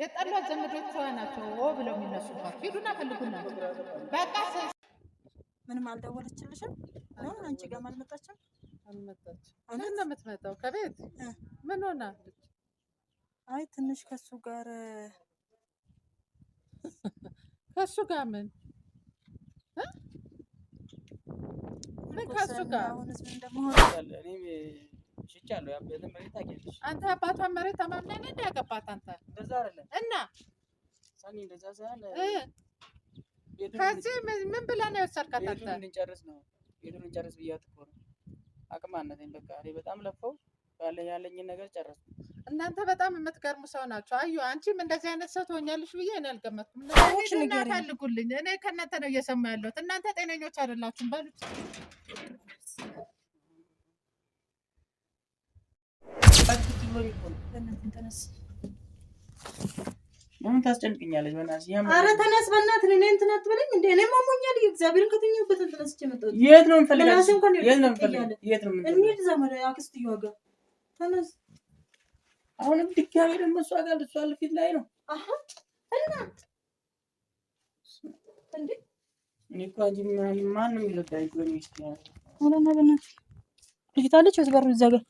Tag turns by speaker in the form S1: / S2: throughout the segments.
S1: የጠሏት ዘመዶቿ ናቸው ብለው የሚነሱባት ሂዱና ፈልጉና በቃ
S2: ምንም አልደወለችልሽም? አሁን አንቺ ጋር አልመጣችም?
S1: አልመጣችም። ምን ነው የምትመጣው? ከቤት ምን ሆና?
S2: አይ ትንሽ ከሱ ጋር
S1: ከሱ ጋር ምን ምን ከሱ ጋር
S3: ሽጫለሁ። ያበዘ መሬት ታውቂያለሽ
S1: አንተ። አባቷን መሬት ተማምነን እንደ ያገባት አንተ እንደዛ አይደለም እና
S3: ሰኒ እንደዛ ሳይሆን
S1: ከዚህ ምን ብለህ ነው የወሰድካት? አንተ
S3: ቤቱን እንጨርስ ነው ቤቱን እንጨርስ ብያት እኮ ነው። አቅም አነሰኝ በቃ እኔ በጣም ለፈው ያለኝ ያለኝን ነገር ጨረስ።
S1: እናንተ በጣም የምትገርሙ ሰው ናቸው። አዩ አንቺም እንደዚህ አይነት ሰው ትሆኛለሽ ብዬ እኔ አልገመትኩም። ሰዎችና ፈልጉልኝ። እኔ ከእናንተ ነው እየሰማ ያለሁት። እናንተ ጤነኞች አይደላችሁም በሉት
S2: ብሎኝ እኮ ነው። በእናትህ ተነስ።
S3: ለምን ታስጨንቅኛለች?
S2: ኧረ ተነስ፣ በእናትህ እኔ እንትን አትበለኝ። እንዴ! እኔ ማሞኛል። እግዚአብሔርን ከተኛሁበት ተነስቼ መጣሁ።
S3: የት ነው የምፈልጋት? የት ነው የምፈልጋት?
S2: የት ነው እንሂድ እዛ ማለት ጋር ተነስ።
S3: አሁንም ድጋሜ ደግሞ እሷ ጋር ልሷ ፊት ላይ ነው
S2: እና እንዴ
S3: እኔ እኮ ማንም ይረዳኝ እና
S2: በእናትህ ልጅታለች በሩ እዛ ጋር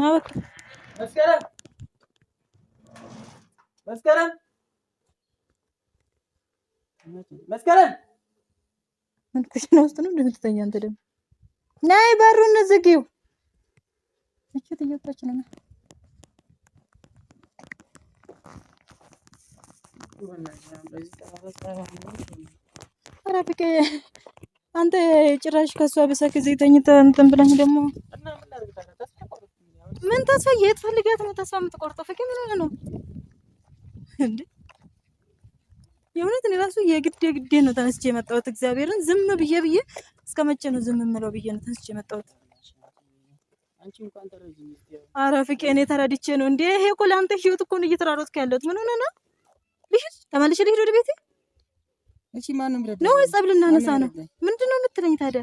S3: መስከረም ምን
S2: ኩሽና ውስጥ ነው እንደምትተኛ? አንተ ደግሞ ናይ በሩን ዝጊው። እችት እየወጣች ነው። ኧረ አንተ ጭራሽ ከእሷ በሳክ እዚህ ተኝተህ እንትን ብለህ ደግሞ ምን ተስፋ የት ፈልጋት ነው ተስፋ የምትቆርጠው? ፍቅር ምን ነው እንዴ? የእውነት እኔ ራሱ የግድ ነው ተነስቼ የመጣሁት። እግዚአብሔርን ዝም ብዬ ብዬ እስከ መቼ ነው ዝም የምለው ብዬ ነው ተነስቼ የመጣሁት። አረ ፍቄ እኔ ተረድቼ ነው እንዴ? ይሄ እኮ ለአንተ ህይወት እኮ ነው እየተራሮጥኩ ያለሁት። ምን ሆነ ነው? ልሂድ፣ ተመልሼ ልሂድ ወደ ቤቴ ነው። ፀብ ነው። ምንድን ነው የምትለኝ ታዲያ?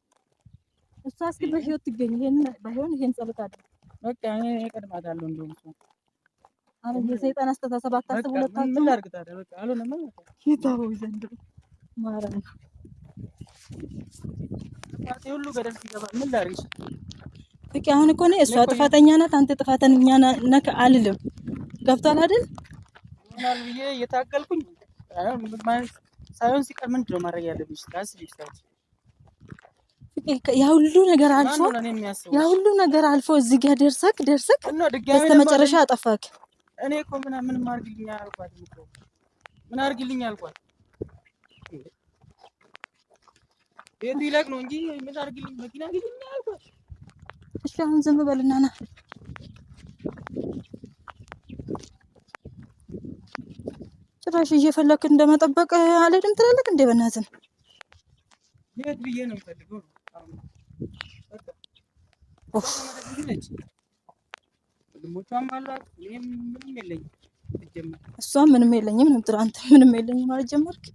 S2: እሷ እስኪ በህይወት ትገኝ። ይሄን ባይሆን ይሄን ጸሎት አድርግ።
S3: በቃ እኔ እቀድማታለሁ። እንደውም እሱ
S2: አረ የሰይጣን አስተሳሰብ አታስብ። ሁለታችሁ
S3: ምን ላድርግ ታዲያ? በቃ አልሆነማ።
S1: ይታወው ዘንድሮ
S2: ማረም
S3: ፓርቲ ሁሉ ገደል ሲገባ ምን ላድርግ?
S2: በቃ አሁን እኮ እኔ እሷ ጥፋተኛ ናት፣ አንተ ጥፋተኛ ነህ አልልም። ገብቷል አይደል?
S3: ምናል ብዬ እየታገልኩኝ ሳይሆን ሲቀር ምንድን ነው ማድረግ ያለብኝ? ታስብ ይችላል
S2: ያሁሉ ነገር አልፎ ያሁሉ ነገር አልፎ እዚህ ጋር ደርሰክ ደርሰክ በስተ መጨረሻ አጠፋክ።
S3: እኔ እኮ ምን ምን አድርግልኛ አልኳት፣ ምን አድርግልኛ አልኳት። ቤቱ ይለቅ ነው እንጂ ምን አድርግልኝ መኪና ግልኛ አልኳት።
S2: እሺ አሁን ዝም በልና ና ጭራሽ እየፈለክ እንደመጠበቅ አልሄድም ትላለህ እንዴ? በእናትህ
S3: ቤት ብዬ ነው የምፈልገው
S2: እሷ ምንም የለኝም አንተ ምንም የለኝም ማለት ጀመርክ።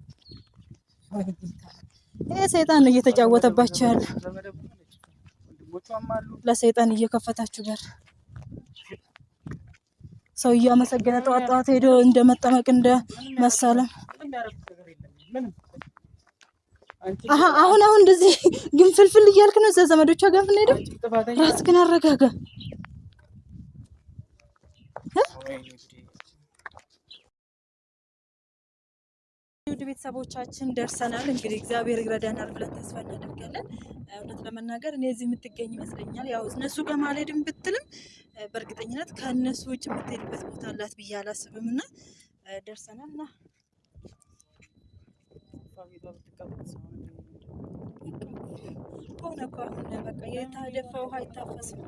S2: ይሄ ሰይጣን ነው እየተጫወተባችሁ ያለ። ለሰይጣን እየከፈታችሁ በር ሰው እያመሰገነ ጠዋት ጠዋት ሄዶ እንደመጠመቅ እንደመሳለም አሁን አሁን እንደዚህ ግን ፍልፍል እያልክ ነው። እዛ ዘመዶቿ ጋር ራስ ግን አረጋጋ። ውድ ቤተሰቦቻችን ደርሰናል። እንግዲህ እግዚአብሔር ይረዳናል ብለን ተስፋ እናደርጋለን። እውነት ለመናገር እኔ እዚህ የምትገኝ ይመስለኛል። ያው እነሱ ጋር ማልሄድም ብትልም በእርግጠኝነት ከእነሱ ውጭ የምትሄድበት ቦታ አላት ብዬ አላስብም እና ደርሰናል ና ፋሚሊ ብትቀመጥ ሰሆነ ሆነ እኮ አሁን በቃ የታደፋ ውሃ አይታፈስም።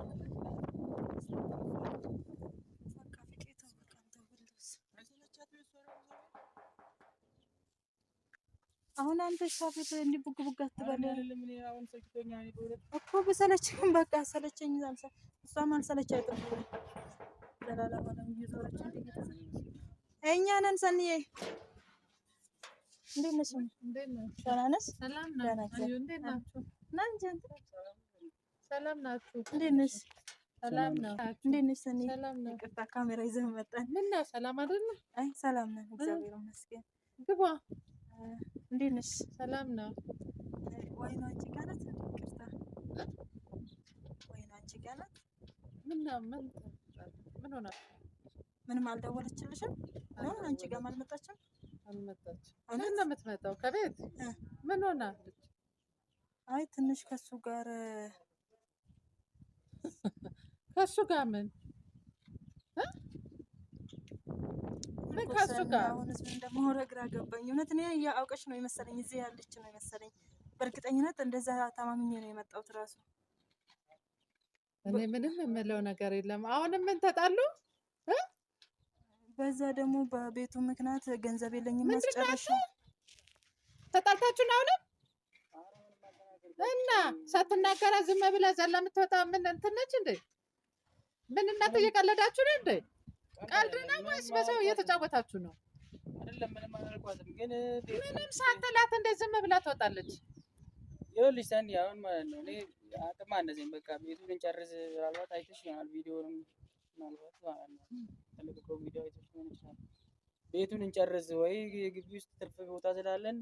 S2: አሁን አንተ ሻፌት እንዲህ ቡግ ቡግ አትበል እኮ በሰለችኝ፣ በቃ ሰለቸኝ። እሷም አልሰለች አይጥም እኛ ነን ሰንዬ እንዴት ነሽ? ደህና ነሽ? ሰላም ናችሁ?
S1: ሰላም ናችሁ? እንዴት ነሽ? ሰላም ነው። እንዴት ነሽ? ሰኒ ይቅርታ፣
S2: ካሜራ ይዘህ መጣን።
S1: ምነው ሰላም አይደለ?
S2: አይ ሰላም ነው፣ እግዚአብሔር
S1: ይመስገን። ግባ። እንዴት ነሽ? ሰላም ነው።
S2: ወይኗ አንቺ ጋር ናት። ይቅርታ፣ ወይኗ አንቺ ጋር ናት።
S1: ምነው ምን ምን ሆነ?
S2: ምንም አልደወለችልሽም? አንቺ ጋርም አልመጣችም?
S1: አልመጣች። ምን ነው የምትመጣው? ከቤት ምን ሆናለች?
S2: አይ ትንሽ ከሱ ጋር
S1: ከሱ ጋር ምን ምን ከሱ ጋር
S2: እውነት ምን እንደምሆነ ግራ ገባኝ። እውነት እኔ አውቀሽ ነው የመሰለኝ እዚህ ያለች ነው የመሰለኝ። በእርግጠኝነት እንደዛ ታማምኜ ነው የመጣሁት እራሱ
S1: እኔ ምንም የምለው ነገር የለም። አሁንም ምን ተጣሉ?
S2: በዛ ደግሞ በቤቱ ምክንያት ገንዘብ የለኝም።
S1: ማስጨረሻ ተጣልታችሁ ነው አሁንም እና ሳትናገራ ዝም ብላ ዘላ የምትወጣ ምን እንትን ነች እንዴ? ምን እናንተ እየቀለዳችሁ ነው እንዴ? ቀልድ ነው ወይስ በሰው እየተጫወታችሁ ነው?
S2: ምንም ሳትላት እንደ ዝም ብላ ትወጣለች።
S3: ይኸውልሽ ሰኒ አሁን ማለት ነው እኔ አቅም አነሰኝ። በቃ ቤቱን ጨርስ። ምናልባት አይተሽ ይሆናል ቪዲዮንም ምናልባት ማለት ነው ሚዲያ ቤቶች ሊሆን ይችላል። ቤቱን እንጨርስ ወይ የግቢ ውስጥ ትርፍ ቦታ ስላለን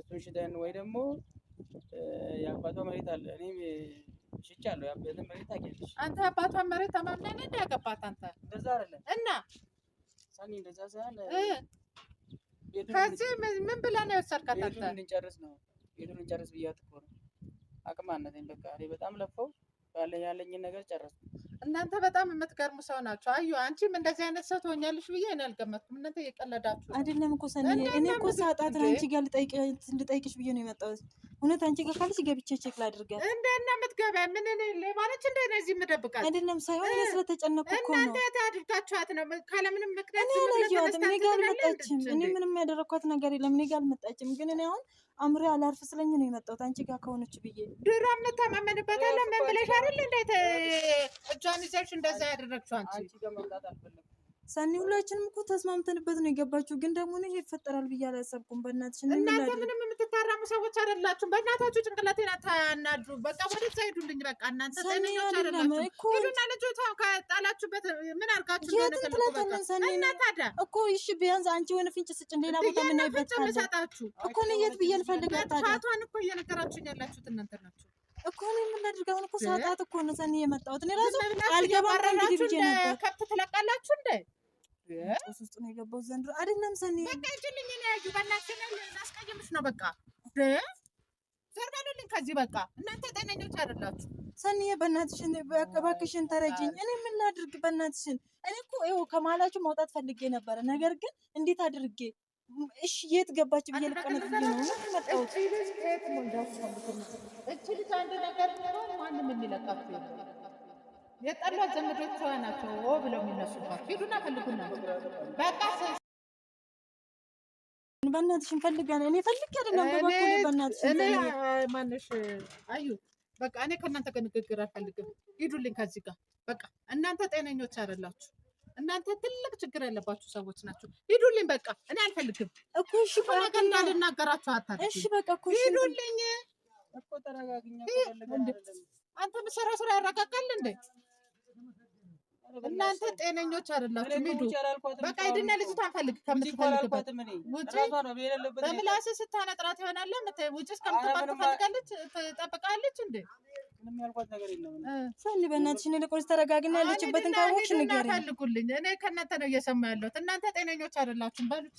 S3: እሱን ሽጠን ወይ ደግሞ የአባቷ መሬት አለ እኔም ሽጫለሁ። ያበትን መሬት ታውቂያለሽ አንተ። አባቷን መሬት ተማምነን እንደ ያገባት አንተ እንደዛ አይደለም እና ሳኒ እንደዛ ሳይሆን ከዚህ ምን ብለህ ነው የወሰድካት አንተ? እንጨርስ ነው ቤቱን እንጨርስ ብያት እኮ ነው። አቅም አነሰኝ በቃ እኔ በጣም ለፈው ያለኝ ያለኝን ነገር ጨረስኩ። እናንተ በጣም የምትገርሙ ሰው ናቸው። አዩ አንቺም እንደዚህ አይነት ሰው ትሆኛለሽ ብዬ እኔ አልገመትኩም። እናንተ እየቀለዳችሁ አይደለም እኮ ሰኒ። እኔ እኮ ሳጣት አንቺ ጋር ልጠይቅሽ ብዬ ነው የመጣሁት እውነት አንቺ ጋር ካለች ገብቼ ቼክ ላድርገ እንደና ነው የምትገባ? ምን ሌባ ነች እንደ እዚህ የምደብቃት አይደለም። ሳይሆን እኔ ስለተጨነኩ እኮ ነው። እናንተ አድብታችኋት ነው ካለምንም ምክንያት። እኔ አላየኋትም። እኔ ጋር አልመጣችም። እኔ ምንም ያደረግኳት ነገር የለም። እኔ ጋር አልመጣችም። ግን እኔ አሁን አምሬ አላርፍ ስለኝ ነው የመጣሁት አንቺ ጋር ከሆነች ብዬ። ድሮ የምታማመንበት አለ መምለሽ ብለሽ አይደል? እንዴት እጇን ይዘሽ እንደዛ ያደረግሽው አንቺ? ሰኒ ሁላችንም እኮ ተስማምተንበት ነው የገባችሁ። ግን ደግሞ ይሄ ይፈጠራል ብዬ አላሰብኩም። በእናትሽ እናንተ ምንም የምትታረሙ ሰዎች አይደላችሁም። በእናታችሁ ጭንቅላቴን አታናዱ። በቃ ወደዛ ሄዱልኝ። በቃ እናንተ ጤነኞች አይደላችሁ። ሄዱና ልጆቷ ከጣላችሁበት ምን አድርጋችሁ እና ታዲያ እኮ ይሽ ቢያንስ አንቺ የሆነ ፍንጭ ስጭን። ሌላ ቦታ ምናይበት እኮ ነው የት ብዬ ልፈልጋት ታዲያ ቷን እኮ እየነገራችሁ ያላችሁት እናንተ ናችሁ። እኮ ነው የምናደርግ። እኮ ሰዓታት እኮ ነው ዘን የመጣሁት እኔ ራሱ አልገባም። ብዬሽ ነበር ከብት ትለቃላችሁ እንደ ጦስ ውስጥ ነው የገባሁት ዘንድሮ አይደለም። ሰኒ በቃ እጅልኝ ነው ያዩ በእናትሽ ነው ላስቀይምሽ ነው በቃ ዘር በሉልኝ ከዚህ በቃ እናንተ ጤነኞች አይደላችሁ። ሰኒዬ በእናትሽን እባክሽን ተረጅኝ። እኔ የምናድርግ በእናትሽን እኔ እኮ ይኸው ከመሀላችሁ መውጣት ፈልጌ ነበረ፣ ነገር ግን እንዴት አድርጌ እሺ የት ገባች ብዬ ልቀመጥ ነው ነው የመጣሁት። እቺ ልጅ አንድ ነገር ቢሆን ማንም የሚለቃቸው የጠሏት ዘመዶቿ ናቸው ብለው የሚነሱባቸው ሂዱና ፈልጉና በቃ በእናትሽን ፈልጋለ እኔ ፈልግ ያደና በበኩል በእናትሽን ማነሽ አዩ በቃ እኔ ከእናንተ ጋር ንግግር አልፈልግም። ሂዱልኝ ከዚህ ጋር በቃ እናንተ ጤነኞች አይደላችሁ። እናንተ ትልቅ ችግር ያለባችሁ ሰዎች ናቸው። ሂዱልኝ በቃ እኔ አልፈልግም እኮ እሺ፣ በቃ እንዳልናገራችሁ አታድርጉ። እሺ በቃ እኮ ሂዱልኝ አንተ ምሰራ ስራ ያረጋጋል እንዴ? እናንተ ጤነኞች አይደላችሁም። ሂዱ በቃ ሂድና ልጅቷ አንፈልግ ከምትፈልግበት ውጪ። በምላስ ስታነጥራት ይሆናለ ውጭ እስከምትባል ትፈልጋለች፣ ትጠብቃለች እንዴ ምንም ያልኳት ነገር የለም። ተረጋግና ያለችበትን ካወቅሽ ንገሪኝ። ፈልጉልኝ፣ እኔ ከእናንተ ነው እየሰማ ያለሁት። እናንተ ጤነኞች አይደላችሁም በሉት